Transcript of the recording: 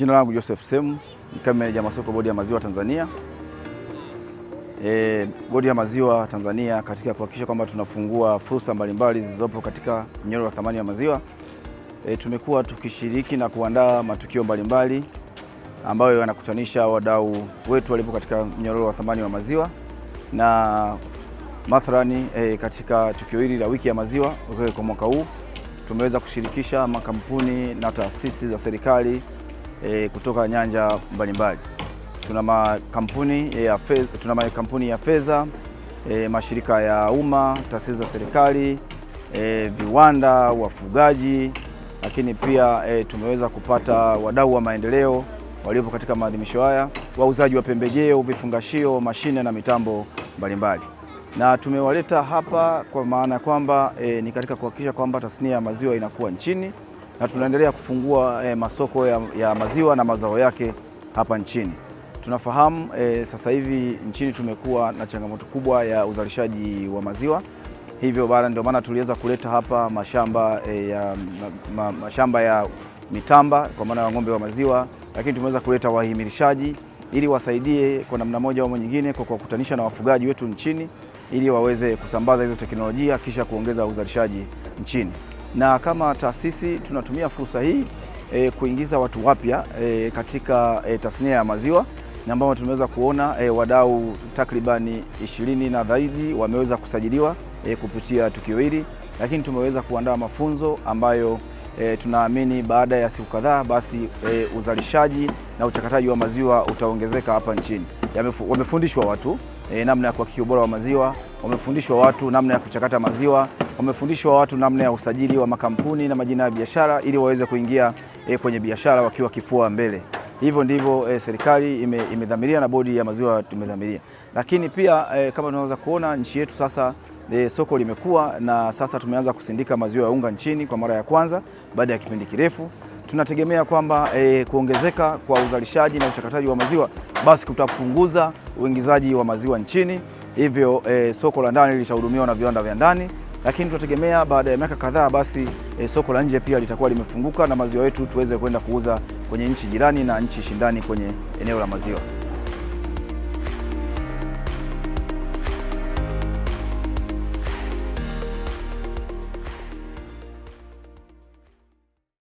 Jina langu Joseph Semu, kama meneja masoko bodi ya maziwa Tanzania. E, bodi ya maziwa Tanzania katika kuhakikisha kwamba tunafungua fursa mbalimbali zilizopo katika mnyororo wa thamani ya maziwa e, tumekuwa tukishiriki na kuandaa matukio mbalimbali ambayo yanakutanisha wadau wetu walipo katika mnyororo wa thamani wa maziwa na mathalani e, katika tukio hili la wiki ya maziwa kwa mwaka huu tumeweza kushirikisha makampuni na taasisi za serikali e, kutoka nyanja mbalimbali. Tuna makampuni e, ya fedha, tuna makampuni ya fedha e, mashirika ya umma, taasisi za serikali e, viwanda, wafugaji, lakini pia e, tumeweza kupata wadau wa maendeleo waliopo katika maadhimisho haya, wauzaji wa pembejeo, vifungashio, mashine na mitambo mbalimbali na tumewaleta hapa kwa maana ya kwamba e, ni katika kuhakikisha kwamba tasnia ya maziwa inakuwa nchini na tunaendelea kufungua e, masoko ya, ya maziwa na mazao yake hapa nchini. Tunafahamu e, sasa hivi nchini tumekuwa na changamoto kubwa ya uzalishaji wa maziwa, hivyo bara ndio maana tuliweza kuleta hapa mashamba, e, ya, ma, ma, mashamba ya mitamba kwa maana ya ng'ombe wa maziwa, lakini tumeweza kuleta wahimilishaji ili wasaidie kwa namna moja au nyingine kwa kuwakutanisha na wafugaji wetu nchini ili waweze kusambaza hizo teknolojia kisha kuongeza uzalishaji nchini na kama taasisi tunatumia fursa hii e, kuingiza watu wapya e, katika e, tasnia ya maziwa na ambao tumeweza kuona e, wadau takribani ishirini na zaidi wameweza kusajiliwa e, kupitia tukio hili, lakini tumeweza kuandaa mafunzo ambayo e, tunaamini baada ya siku kadhaa basi e, uzalishaji na uchakataji wa maziwa utaongezeka hapa nchini. Wamefundishwa watu e, namna ya kuhakiki ubora wa maziwa wamefundishwa watu namna ya kuchakata maziwa, wamefundishwa watu namna ya usajili wa makampuni na majina ya biashara ili waweze kuingia e, kwenye biashara wakiwa kifua mbele. Hivyo ndivyo e, serikali ime, imedhamiria na bodi ya maziwa tumedhamiria, lakini pia e, kama tunaweza kuona nchi yetu sasa e, soko limekuwa na sasa tumeanza kusindika maziwa ya unga nchini kwa mara ya kwanza baada ya kipindi kirefu. Tunategemea kwamba e, kuongezeka kwa uzalishaji na uchakataji wa maziwa basi kutapunguza uingizaji wa maziwa nchini hivyo e, soko la ndani litahudumiwa na viwanda vya ndani, lakini tunategemea baada ya miaka kadhaa basi e, soko la nje pia litakuwa limefunguka na maziwa yetu tuweze kwenda kuuza kwenye nchi jirani na nchi shindani kwenye eneo la maziwa.